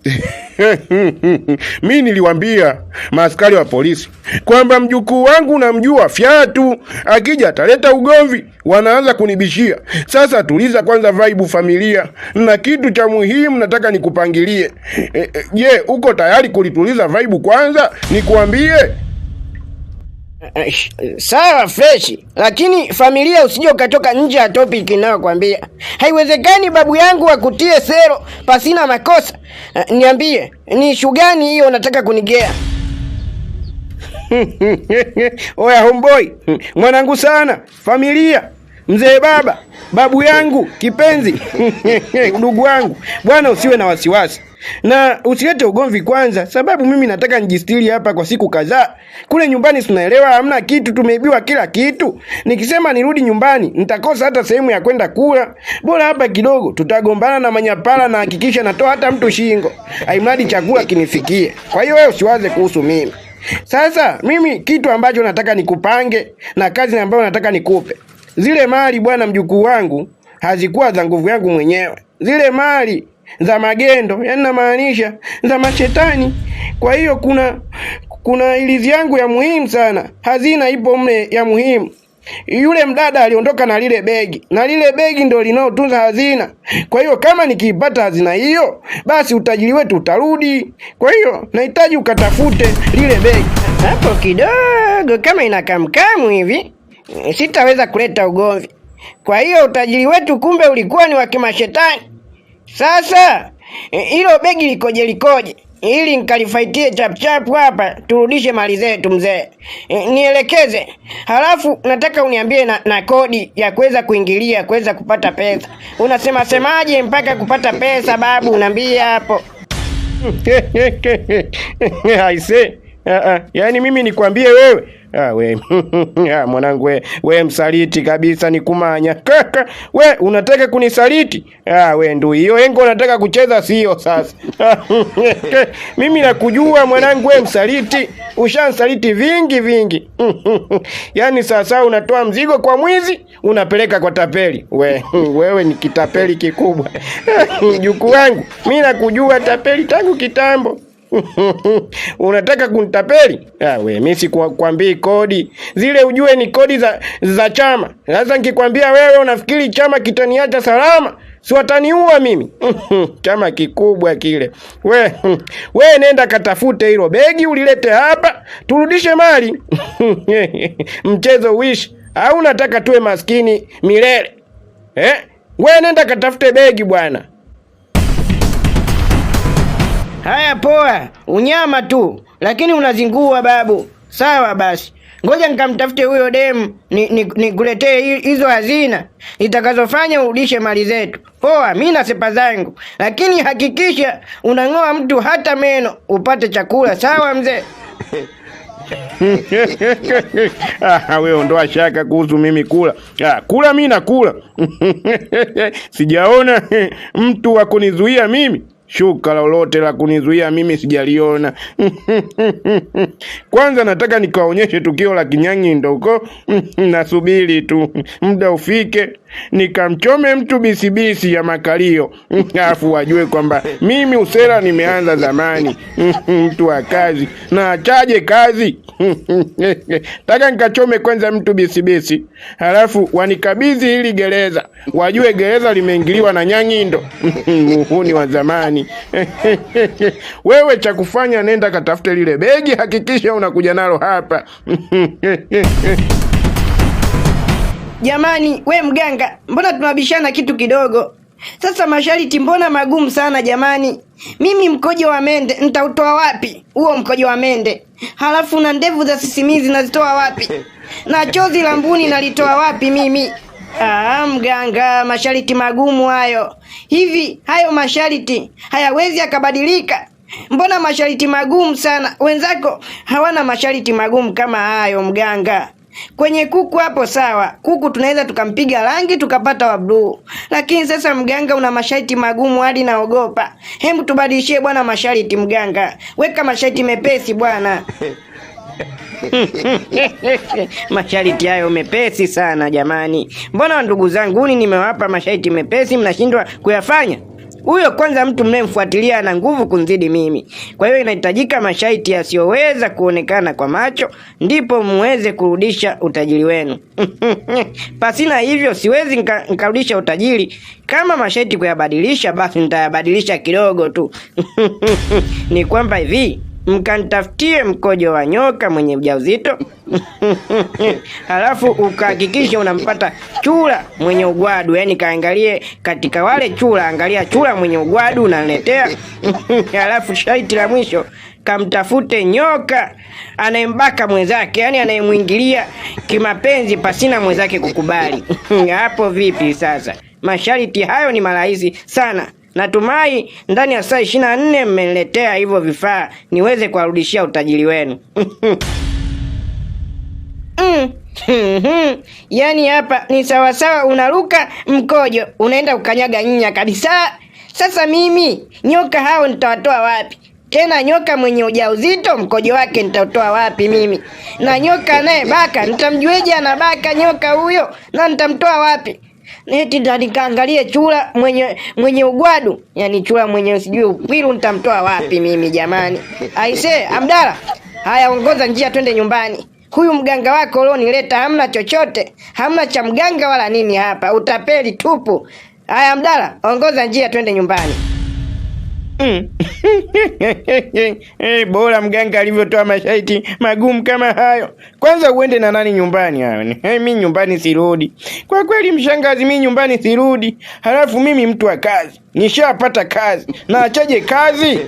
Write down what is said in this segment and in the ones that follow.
mi niliwambia maaskari wa polisi kwamba mjukuu wangu namjua fyatu, akija ataleta ugomvi, wanaanza kunibishia. Sasa tuliza kwanza vaibu familia, na kitu cha muhimu nataka nikupangilie. Je, e, e, uko tayari kulituliza vaibu kwanza? Nikuambie Sawa fresh, lakini familia usije ukatoka nje ya topic inayokwambia Haiwezekani babu yangu akutie sero pasina makosa. Eh, niambie, ni ishu gani hiyo unataka kunigea? Oya homeboy, mwanangu sana, familia mzee baba, babu yangu kipenzi, ndugu wangu, bwana usiwe na wasiwasi na usilete ugomvi kwanza, sababu mimi nataka nijistiri hapa kwa siku kadhaa. Kule nyumbani sinaelewa, hamna kitu, tumeibiwa kila kitu. Nikisema nirudi nyumbani nitakosa hata sehemu ya kwenda kula. Bora hapa kidogo, tutagombana na manyapala na hakikisha natoa hata mtu shingo, aimradi chakula kinifikie. Kwa hiyo wewe usiwaze kuhusu mimi. Sasa mimi kitu ambacho nataka nikupange na kazi ambayo nataka nikupe Zile mali bwana mjukuu wangu hazikuwa za nguvu yangu mwenyewe, zile mali za magendo, yani namaanisha za mashetani. Kwa hiyo kuna kuna ilizi yangu ya muhimu sana, hazina ipo mle ya muhimu. Yule mdada aliondoka na lile begi, na lile begi ndio linaotunza hazina. Kwa hiyo kama nikiipata hazina hiyo, basi utajiri wetu utarudi. Kwa hiyo nahitaji ukatafute lile begi hapo kidogo, kama inakamkamu hivi sitaweza kuleta ugomvi. Kwa hiyo utajiri wetu kumbe ulikuwa ni wa kimashetani. Sasa e, hilo begi likoje likoje, ili nkalifaitie chapuchapu hapa, turudishe mali zetu mzee. E, nielekeze, halafu nataka uniambie na, na kodi ya kuweza kuingilia kuweza kupata pesa. Unasema semaje mpaka kupata pesa babu? Unaambia hapo aise. Uh, uh, yaani mimi nikwambie wewe Ah, we ah, mwanangu we, we msaliti kabisa, nikumanya kaka. We unataka kunisaliti? Ah, we ndu hiyo engo unataka kucheza, sio? Sasa mimi nakujua mwanangu, we msaliti, ushansaliti vingi vingi. yani sasa unatoa mzigo kwa mwizi unapeleka kwa tapeli. We wewe ni kitapeli kikubwa. juku wangu, mi nakujua tapeli tangu kitambo. unataka kuntapeli Ah, we mimi sikwambii kodi zile, ujue ni kodi za, za chama. Sasa nikikwambia wewe, unafikiri chama kitaniacha salama? si wataniua mimi. chama kikubwa kile. We, we nenda katafute hilo begi ulilete hapa turudishe mali mchezo uishi, au unataka tuwe maskini milele eh? We nenda katafute begi bwana. Haya, poa, unyama tu, lakini unazingua babu. Sawa basi, ngoja nikamtafute huyo demu nikuletee ni, ni hizo hazina zitakazofanya urudishe mali zetu. Poa, mi na sepa zangu, lakini hakikisha unang'oa mtu hata meno upate chakula. Sawa mzee? Ah, wewe ondoa shaka kuhusu mimi kula. Ah, kula mi nakula. Sijaona mtu wa kunizuia mimi shuka lolote la kunizuia mimi sijaliona. Kwanza nataka nikaonyeshe tukio la kinyang'indo ndoko. Nasubiri tu muda ufike nikamchome mtu bisibisi ya makalio afu wajue kwamba mimi usera nimeanza zamani. mtu wa kazi na achaje kazi? taka nikachome kwanza mtu bisibisi, halafu wanikabidhi hili gereza, wajue gereza limeingiliwa na Nyang'indo muhuni wa zamani. Wewe cha kufanya, nenda katafute lile begi, hakikisha unakuja nalo hapa. Jamani we mganga, mbona tunabishana kitu kidogo? Sasa mashariti mbona magumu sana jamani? Mimi mkojo wa mende nitautoa wapi huo mkojo wa mende? Halafu na ndevu za sisimizi nazitoa wapi? Na chozi la mbuni nalitoa wapi mimi? Aa, ah, mganga, mashariti magumu hayo. Hivi hayo mashariti hayawezi yakabadilika? Mbona mashariti magumu sana? Wenzako hawana mashariti magumu kama hayo mganga. Kwenye kuku hapo sawa, kuku tunaweza tukampiga rangi tukapata wa bluu, lakini sasa mganga una masharti magumu hadi naogopa. Hebu tubadilishie bwana masharti, mganga weka masharti mepesi bwana. masharti hayo mepesi sana jamani, mbona ndugu zanguni nimewapa masharti mepesi mnashindwa kuyafanya? huyo kwanza mtu mnayemfuatilia ana nguvu kunzidi mimi. Kwa hiyo inahitajika masharti yasiyoweza kuonekana kwa macho, ndipo muweze kurudisha utajiri wenu. Pasina hivyo siwezi nkarudisha utajiri. Kama masharti kuyabadilisha, basi nitayabadilisha kidogo tu. Ni kwamba hivi mkantafutie mkojo wa nyoka mwenye ujauzito halafu ukahakikisha unampata chura mwenye ugwadu, yani kaangalie katika wale chula angalia chula mwenye ugwadu unaletea. Halafu shaiti la mwisho kamtafute nyoka anayembaka mwenzake, yani anayemwingilia kimapenzi pasina mwenzake kukubali. Hapo vipi sasa? mashariti hayo ni marahisi sana. Natumai ndani ya saa 24 mmeniletea hivyo vifaa niweze kuwarudishia utajiri wenu. Yaani hapa ni sawasawa, unaruka mkojo unaenda kukanyaga nnya kabisa. Sasa mimi nyoka hao nitawatoa wapi? Tena nyoka mwenye ujauzito mkojo wake nitautoa wapi mimi? Na nyoka naye baka, nitamjueje anabaka baka nyoka huyo? Na nitamtoa wapi? Eti ndo nikaangalie chura mwenye mwenye ugwadu, yani chura mwenye sijui ukwilu nitamtoa wapi mimi jamani? Aisee, Abdala, haya ongoza njia twende nyumbani. Huyu mganga wako ulionileta hamna chochote, hamna cha mganga wala nini hapa, utapeli tupu. Haya Abdala, ongoza njia twende nyumbani. Hey, eh, eh, bora mganga alivyotoa masharti magumu kama hayo. Kwanza uende na nani nyumbani hayo? Hey, eh, mi nyumbani sirudi kwa kweli, mshangazi, mi nyumbani sirudi. Halafu mimi mtu wa kazi nishapata kazi, naachaje kazi?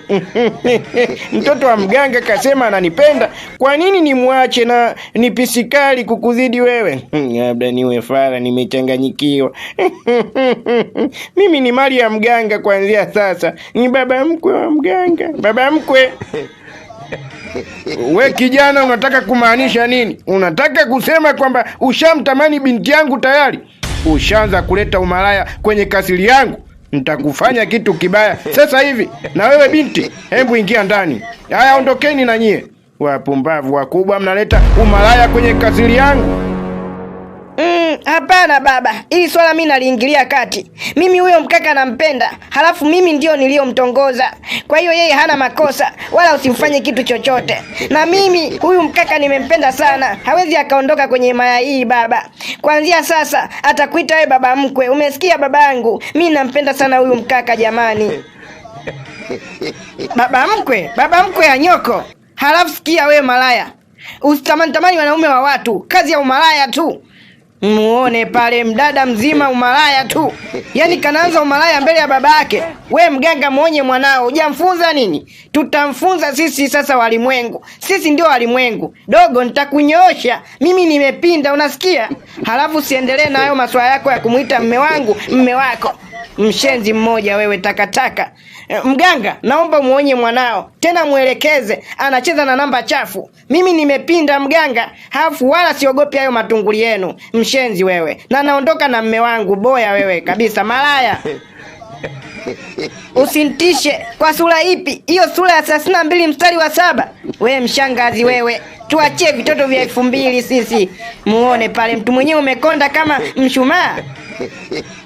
mtoto wa mganga kasema ananipenda, kwa nini nimwache na nipisikali kukuzidi wewe? Hmm, labda niwe fara, nimechanganyikiwa. mimi ni mali ya mganga kuanzia sasa, ni baba mkwe wa mganga, baba mkwe We kijana, unataka kumaanisha nini? Unataka kusema kwamba ushamtamani binti yangu tayari? Ushaanza kuleta umalaya kwenye kasiri yangu nitakufanya kitu kibaya sasa hivi. Na wewe binti, hebu ingia ndani. Haya, ondokeni na nyie. Wapumbavu wakubwa, mnaleta umalaya kwenye kasiri yangu. Mm, hapana mm, baba, hili swala mimi naliingilia kati. Mimi huyo mkaka nampenda, halafu mimi ndio niliyomtongoza, kwa hiyo yeye hana makosa, wala usimfanye kitu chochote. Na mimi huyu mkaka nimempenda sana, hawezi akaondoka kwenye maya hii baba. Kuanzia sasa atakuita wewe baba mkwe, umesikia babangu? Mimi nampenda sana huyu mkaka jamani. Baba mkwe, baba mkwe ya nyoko. Halafu sikia wewe malaya, usitamani tamani wanaume wa watu, kazi ya umalaya tu. Muone pale mdada mzima umalaya tu, yaani kanaanza umalaya mbele ya baba yake. We mganga, mwonye mwanao, hujamfunza nini? Tutamfunza sisi sasa, walimwengu. Sisi ndio walimwengu. Dogo, nitakunyoosha mimi, nimepinda, unasikia? Halafu siendelee na hayo maswala yako ya kumwita mme wangu mme wako. Mshenzi mmoja wewe, takataka taka. Eh, mganga, naomba muonye mwanao tena, mwelekeze anacheza na namba chafu. Mimi nimepinda mganga, hafu wala siogopi hayo matunguli yenu. Mshenzi wewe, na naondoka na mme wangu. Boya wewe kabisa, malaya Usintishe kwa sura ipi hiyo? Sura ya thelathini na mbili mstari wa saba Wee mshangazi wewe, tuachie vitoto vya elfu mbili sisi muone pale, mtu mwenyewe umekonda kama mshumaa.